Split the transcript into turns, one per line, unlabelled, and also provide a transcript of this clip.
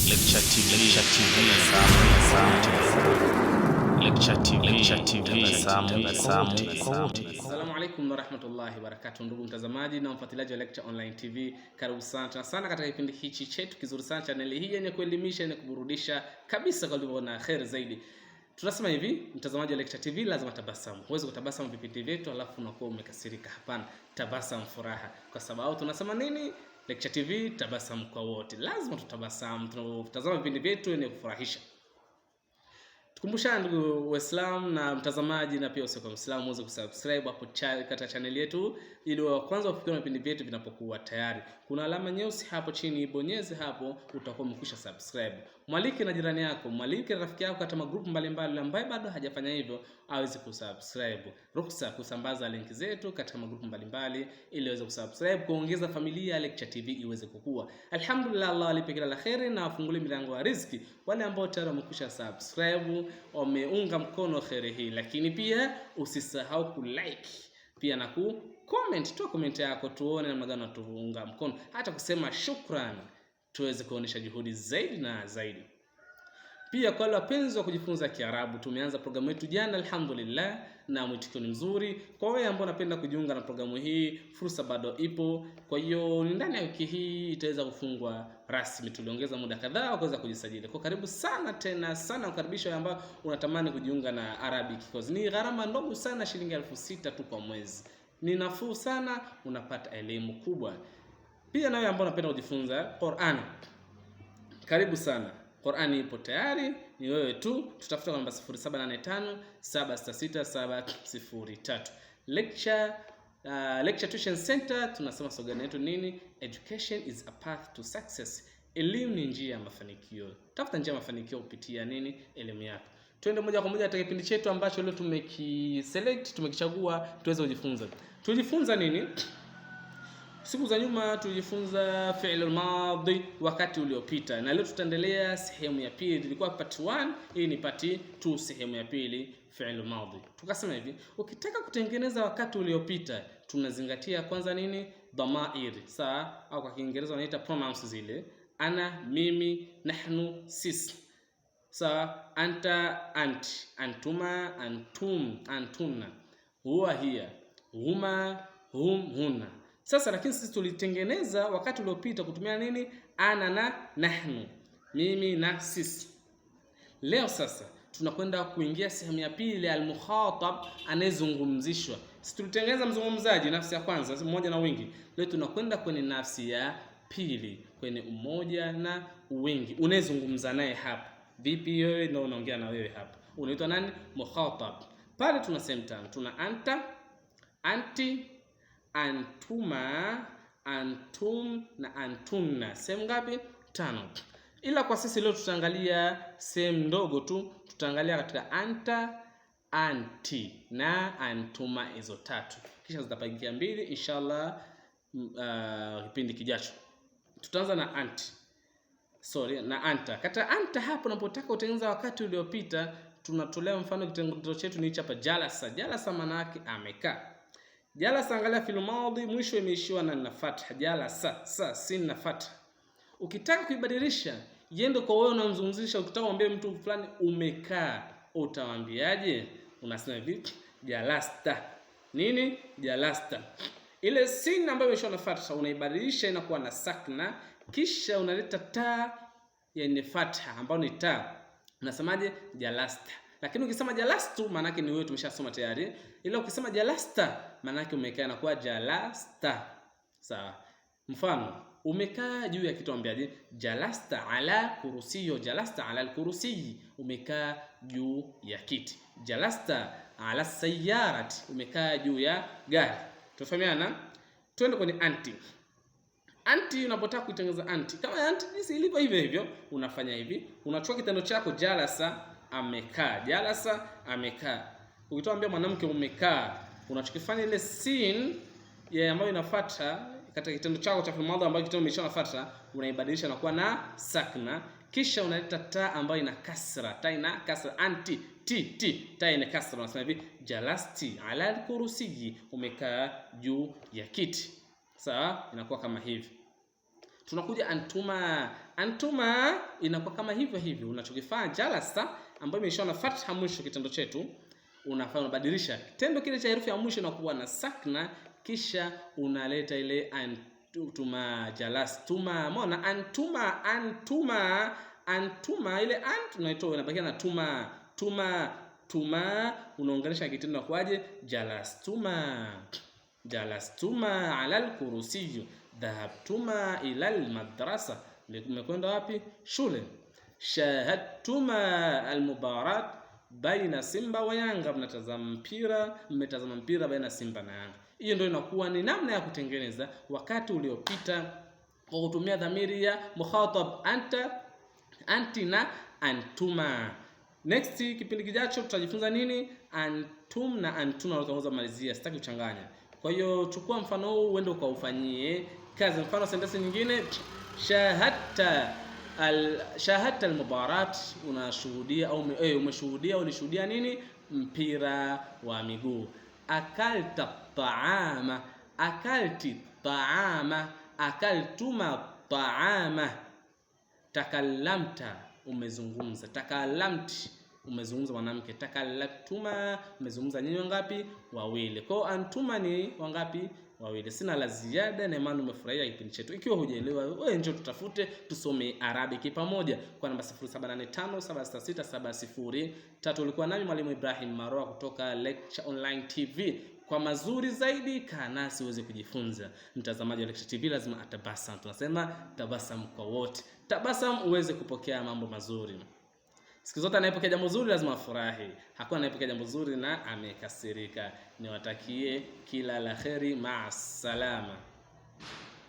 asalamu
Assalamu alaikum warahmatullahi wabarakatuh, ndugu mtazamaji na mfuatiliaji wa Lecture Online TV, karibu sana sana katika kipindi hichi chetu kizuri sana, chaneli hii yenye kuelimisha, yenye kuburudisha kabisa, kwa na kheri zaidi Tunasema hivi, mtazamaji wa Lecture TV lazima tabasamu. Huwezi kutabasamu vipindi vyetu alafu unakuwa umekasirika. Hapana, tabasamu furaha, kwa sababu tunasema nini? Lecture TV, tabasamu kwa wote. Lazima tutabasamu tunapotazama vipindi vyetu ni kufurahisha. Tukumbusha ndugu Waislamu na mtazamaji, na pia usiwe Muislamu, uweze kusubscribe hapo katika channel yetu, ili wa kwanza ufikie na vipindi vyetu vinapokuwa tayari. Kuna alama nyeusi hapo chini, ibonyeze hapo, utakuwa umekwisha subscribe mwalike na jirani yako, mwalike rafiki yako katika magrupu mbalimbali, ambaye bado hajafanya hivyo aweze kusubscribe. Ruksa kusambaza linki zetu katika magrupu mbalimbali, ili aweze kusubscribe, kuongeza familia ya Lecture TV iweze kukua. Alhamdulillah, Allah alipe kila la kheri na afungulie milango ya riziki wale ambao tayari wamekwisha subscribe, wameunga mkono kheri hii, lakini pia usisahau kulike pia na ku comment, toa comment yako tuone namna gani tuunga mkono, hata kusema shukrani tuweze kuonesha juhudi zaidi na zaidi. Pia kwa wale wapenzi wa kujifunza Kiarabu, tumeanza programu yetu jana alhamdulillah, na mwitikio ni mzuri. Kwa wewe ambao unapenda kujiunga na programu hii, fursa bado ipo. Kwa hiyo ndani ya wiki hii itaweza kufungwa rasmi. Tuliongeza muda kadhaa wa kuweza kujisajili. Kwa karibu sana tena sana, ukaribisha wale ambao unatamani kujiunga na Arabic course. Ni gharama ndogo sana, shilingi elfu sita tu kwa mwezi. Ni nafuu sana, unapata elimu kubwa. Pia na wewe ambao unapenda kujifunza Qur'ani, karibu sana. Qur'ani ipo tayari, ni wewe tu. Tutafuta namba 0785 766 Lecture uh, Lecture Tuition Center tunasema slogan yetu nini? Education is a path to success. Elimu ni njia ya mafanikio. Tafuta njia ya mafanikio kupitia nini? Elimu yako. Tuende moja kwa moja katika kipindi chetu ambacho leo tumekiselect, tumekichagua tuweze kujifunza. Tujifunza nini? Siku za nyuma tulijifunza fi'l madhi wakati uliopita, na leo tutaendelea sehemu ya pili. Ilikuwa part 1, hii ni part 2, sehemu ya pili fi'l madhi Tukasema hivi, ukitaka kutengeneza wakati uliopita tunazingatia kwanza nini? Dhamair, saa au kwa Kiingereza wanaita pronouns zile, ana, mimi, nahnu, sisi. Saa anta, anti, antuma, antum, antuna, huwa, hiya, huma, hum, huna sasa lakini sisi tulitengeneza wakati uliopita kutumia nini? Ana na nahnu, mimi na sisi. Leo sasa tunakwenda kuingia sehemu ya pili ya almukhatab, anayezungumzishwa. Sisi tulitengeneza mzungumzaji, nafsi ya kwanza mmoja na wingi. Leo tunakwenda kwenye nafsi ya pili, kwenye umoja na wingi, unayezungumza naye hapa. Vipi wewe na unaongea na wewe hapa, unaitwa nani? Mukhatab. Pale tuna same tuna anta, anti antuma, antum na antunna. Sehemu ngapi? Tano. Ila kwa sisi leo tutaangalia sehemu ndogo tu, tutaangalia katika anta, anti na antuma, hizo tatu, kisha zitapangia mbili inshallah. Uh, kipindi kijacho tutaanza na anti. Sorry, na anta. Kata anta hapo unapotaka utengeneza wakati uliopita, tunatolea mfano kitendo chetu ni hapa jalasa. Jalasa maana yake amekaa Jalasa, angalia fil madhi, mwisho imeishiwa na na fatha. Jalasa sa sin na fatha. Ukitaka kuibadilisha yende kwa wewe unamzungumzisha. Ukitaka kumwambia mtu fulani umekaa, utawaambiaje? Unasema vipi? Jalasta nini? Jalasta. Ile sin ambayo imeishiwa na fatha unaibadilisha inakuwa na sakna, kisha unaleta taa yenye fatha ambayo ni ta Unasemaje? Jalasta. Lakini ukisema jalastu maanake ni wewe, tumeshasoma tayari, ila ukisema jalasta maanake umekaa na kuwa jalasta. Sawa, mfano umekaa juu ya kitu, ambiaje? Jalasta ala kurusiyo jalasta ala alkursiyi, umekaa juu ya kiti. Jalasta ala sayarati, umekaa juu ya gari. Tufahamiana, twende kwenye anti anti unapotaka kuitengeneza anti kama anti jinsi ilivyo hivyo hivyo, unafanya hivi, unachukua kitendo chako jalasa amekaa, jalasa amekaa. Ukitwambia mwanamke umekaa, unachokifanya ile scene ya ambayo inafuata katika kitendo chako cha madha ambayo kitendo imeshafuata, unaibadilisha na kuwa na sakna, kisha unaleta ta ambayo ina kasra. Ta ina kasra anti ti ti, ta ina kasra. Unasema hivi jalasti ala alkursiyi, umekaa juu ya kiti. Sawa, inakuwa kama hivi. Tunakuja antuma Antuma inakuwa kama hivyo hivyo, unachokifanya jalasa ambayo imeishiwa na fatha mwisho kitendo chetu, unafanya unabadilisha kitendo kile cha herufi ya mwisho inakuwa na sakna, kisha unaleta ile antuma jalas tuma, Umeona, antuma antuma antuma, ile ant unaitoa inabakia na tuma tuma tuma, unaunganisha kitendo na kuaje jalas kwaje? Jalastuma jalastuma alal kursiyu dhahabtuma ilal madrasa mekwenda wapi? Shule. Shahadtuma almubarat baina Simba wa Yanga, mnatazama mpira, mmetazama mpira baina Simba na Yanga. Hiyo ndio inakuwa ni namna ya kutengeneza wakati uliopita kwa kutumia dhamiri ya mukhatab anta, anti na antuma. Next kipindi kijacho tutajifunza nini? Antum na antuna, tutaanza kumalizia, sitaki kuchanganya. Kwa hiyo chukua mfano huu uende ukaufanyie kazi. Mfano sentensi nyingine shahadta al shahadta almubarat, unashuhudia au eh, umeshuhudia ulishuhudia nini? Mpira wa miguu. Akalta taama, akalti taama, akaltuma taama. Takallamta, umezungumza. Takallamti, umezungumza mwanamke. Takallatuma, umezungumza nyinyi wangapi? Wawili. Kwa hiyo antuma ni wangapi? wawili. Sina la ziada na imani umefurahia kipindi chetu. Ikiwa hujaelewa wewe, njoo tutafute tusome Arabic pamoja kwa namba 0785766703. Ulikuwa nami mwalimu Ibrahim Maroa kutoka Lecture Online TV. Kwa mazuri zaidi, kaa nasi uweze kujifunza. Mtazamaji wa Lecture TV lazima atabasamu, tunasema tabasamu kwa wote, tabasamu uweze kupokea mambo mazuri. Siku zote anayepokea jambo zuri lazima afurahi. Hakuna anayepokea jambo zuri na amekasirika. Niwatakie kila la kheri, maasalama salama.